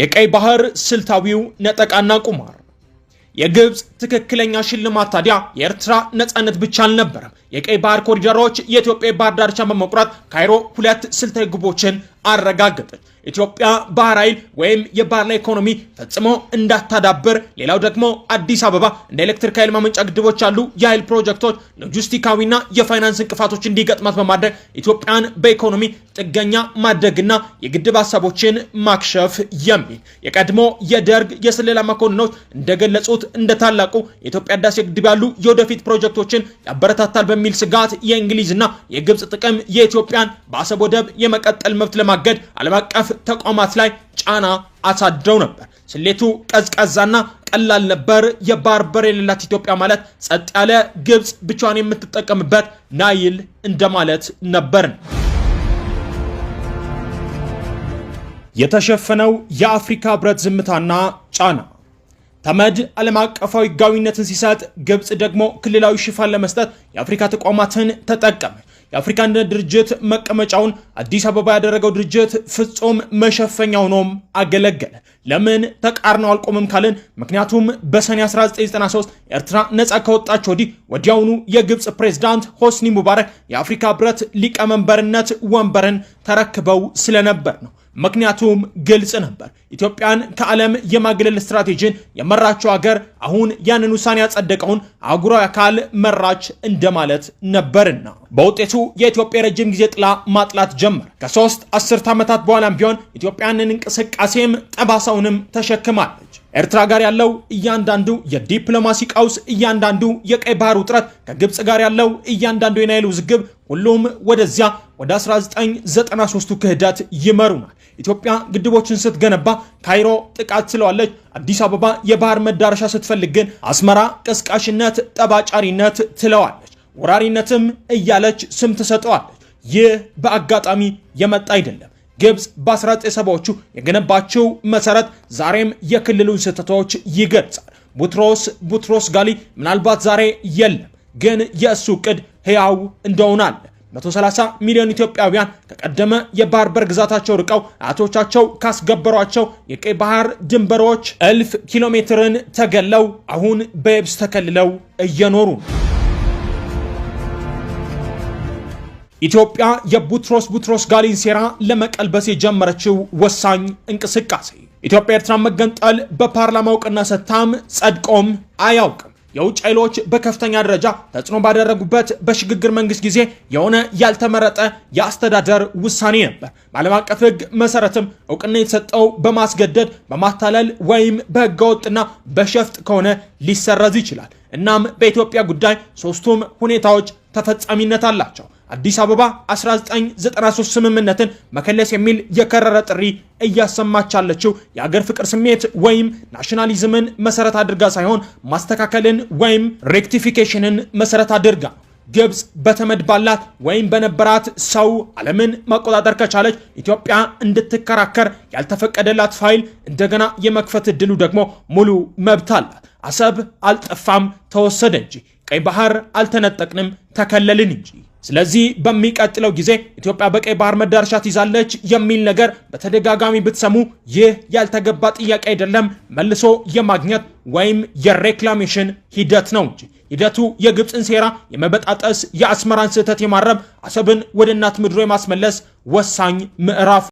የቀይ ባህር ስልታዊው ነጠቃና ቁማር የግብፅ ትክክለኛ ሽልማት ታዲያ የኤርትራ ነፃነት ብቻ አልነበረም። የቀይ ባህር ኮሪደሮች የኢትዮጵያ ባህር ዳርቻን በመቁረጥ ካይሮ ሁለት ስልታዊ ግቦችን አረጋገጠች። ኢትዮጵያ ባህር ኃይል ወይም የባህር ላይ ኢኮኖሚ ፈጽሞ እንዳታዳብር ሌላው ደግሞ አዲስ አበባ እንደ ኤሌክትሪክ ኃይል ማመንጫ ግድቦች ያሉ የኃይል ፕሮጀክቶች ሎጂስቲካዊና የፋይናንስ እንቅፋቶች እንዲገጥማት በማድረግ ኢትዮጵያን በኢኮኖሚ ጥገኛ ማድረግና የግድብ ሀሳቦችን ማክሸፍ የሚል የቀድሞ የደርግ የስለላ መኮንኖች እንደገለጹት እንደ ታላቁ የኢትዮጵያ ህዳሴ ግድብ ያሉ የወደፊት ፕሮጀክቶችን ያበረታታል በሚል ስጋት የእንግሊዝና የግብፅ ጥቅም የኢትዮጵያን በአሰብ ወደብ የመቀጠል መብት ለማ ለማገድ ዓለም አቀፍ ተቋማት ላይ ጫና አሳድረው ነበር። ስሌቱ ቀዝቀዛና ቀላል ነበር። የባህር በር የሌላት ኢትዮጵያ ማለት ጸጥ ያለ ግብፅ ብቻዋን የምትጠቀምበት ናይል እንደማለት ነበርን። የተሸፈነው የአፍሪካ ህብረት ዝምታና ጫና ተመድ ዓለም አቀፋዊ ህጋዊነትን ሲሰጥ፣ ግብፅ ደግሞ ክልላዊ ሽፋን ለመስጠት የአፍሪካ ተቋማትን ተጠቀመች። የአፍሪካ አንድነት ድርጅት መቀመጫውን አዲስ አበባ ያደረገው ድርጅት ፍጹም መሸፈኛ ሆኖም አገለገለ። ለምን ተቃርነው አልቆምም ካልን ምክንያቱም በሰኔ 1993 ኤርትራ ነጻ ከወጣች ወዲህ ወዲያውኑ የግብፅ ፕሬዝዳንት ሆስኒ ሙባረክ የአፍሪካ ህብረት ሊቀመንበርነት ወንበርን ተረክበው ስለነበር ነው። ምክንያቱም ግልጽ ነበር። ኢትዮጵያን ከዓለም የማግለል ስትራቴጂን የመራችው ሀገር አሁን ያንን ውሳኔ ያጸደቀውን አህጉራዊ አካል መራች እንደማለት ነበርና በውጤቱ የኢትዮጵያ የረጅም ጊዜ ጥላ ማጥላት ጀመር። ከሶስት አስርት ዓመታት በኋላም ቢሆን ኢትዮጵያንን እንቅስቃሴም ጠባሳውንም ተሸክማለች። ኤርትራ ጋር ያለው እያንዳንዱ የዲፕሎማሲ ቀውስ፣ እያንዳንዱ የቀይ ባህር ውጥረት፣ ከግብፅ ጋር ያለው እያንዳንዱ የናይል ውዝግብ ሁሉም ወደዚያ ወደ 1993ቱ ክህደት ይመሩናል። ኢትዮጵያ ግድቦችን ስትገነባ ካይሮ ጥቃት ትለዋለች። አዲስ አበባ የባህር መዳረሻ ስትፈልግ ግን አስመራ ቀስቃሽነት፣ ጠባጫሪነት ትለዋለች። ወራሪነትም እያለች ስም ትሰጠዋለች። ይህ በአጋጣሚ የመጣ አይደለም። ግብፅ በ1970ዎቹ የገነባቸው መሰረት ዛሬም የክልሉን ስህተቶች ይገልጻል። ቡትሮስ ቡትሮስ ጋሊ ምናልባት ዛሬ የለም፣ ግን የእሱ ቅድ ሕያው አለ። 130 ሚሊዮን ኢትዮጵያውያን ከቀደመ የባህር በር ግዛታቸው ርቀው አያቶቻቸው ካስገበሯቸው የቀይ ባህር ድንበሮች እልፍ ኪሎ ሜትርን ተገለው አሁን በየብስ ተከልለው እየኖሩ ነው። ኢትዮጵያ የቡትሮስ ቡትሮስ ጋሊን ሴራ ለመቀልበስ የጀመረችው ወሳኝ እንቅስቃሴ ኢትዮጵያ ኤርትራን መገንጠል በፓርላማ እውቅና ሰጥታም ጸድቆም አያውቅም። የውጭ ኃይሎች በከፍተኛ ደረጃ ተጽዕኖ ባደረጉበት በሽግግር መንግስት ጊዜ የሆነ ያልተመረጠ የአስተዳደር ውሳኔ ነበር። በዓለም አቀፍ ሕግ መሰረትም እውቅና የተሰጠው በማስገደድ በማታለል ወይም በህገወጥና በሸፍጥ ከሆነ ሊሰረዝ ይችላል። እናም በኢትዮጵያ ጉዳይ ሶስቱም ሁኔታዎች ተፈጻሚነት አላቸው። አዲስ አበባ 1993 ስምምነትን መከለስ የሚል የከረረ ጥሪ እያሰማች ያለችው የአገር ፍቅር ስሜት ወይም ናሽናሊዝምን መሰረት አድርጋ ሳይሆን ማስተካከልን ወይም ሬክቲፊኬሽንን መሰረት አድርጋ ግብጽ በተመድ ባላት ወይም በነበራት ሰው ዓለምን መቆጣጠር ከቻለች ኢትዮጵያ እንድትከራከር ያልተፈቀደላት ፋይል እንደገና የመክፈት እድሉ ደግሞ ሙሉ መብት አላት። አሰብ አልጠፋም፣ ተወሰደ እንጂ። ቀይ ባህር አልተነጠቅንም፣ ተከለልን እንጂ። ስለዚህ በሚቀጥለው ጊዜ ኢትዮጵያ በቀይ ባህር መዳረሻ ትይዛለች የሚል ነገር በተደጋጋሚ ብትሰሙ ይህ ያልተገባ ጥያቄ አይደለም፣ መልሶ የማግኘት ወይም የሬክላሜሽን ሂደት ነው እንጂ። ሂደቱ የግብፅን ሴራ የመበጣጠስ፣ የአስመራን ስህተት የማረም፣ አሰብን ወደ እናት ምድሮ የማስመለስ ወሳኝ ምዕራፍ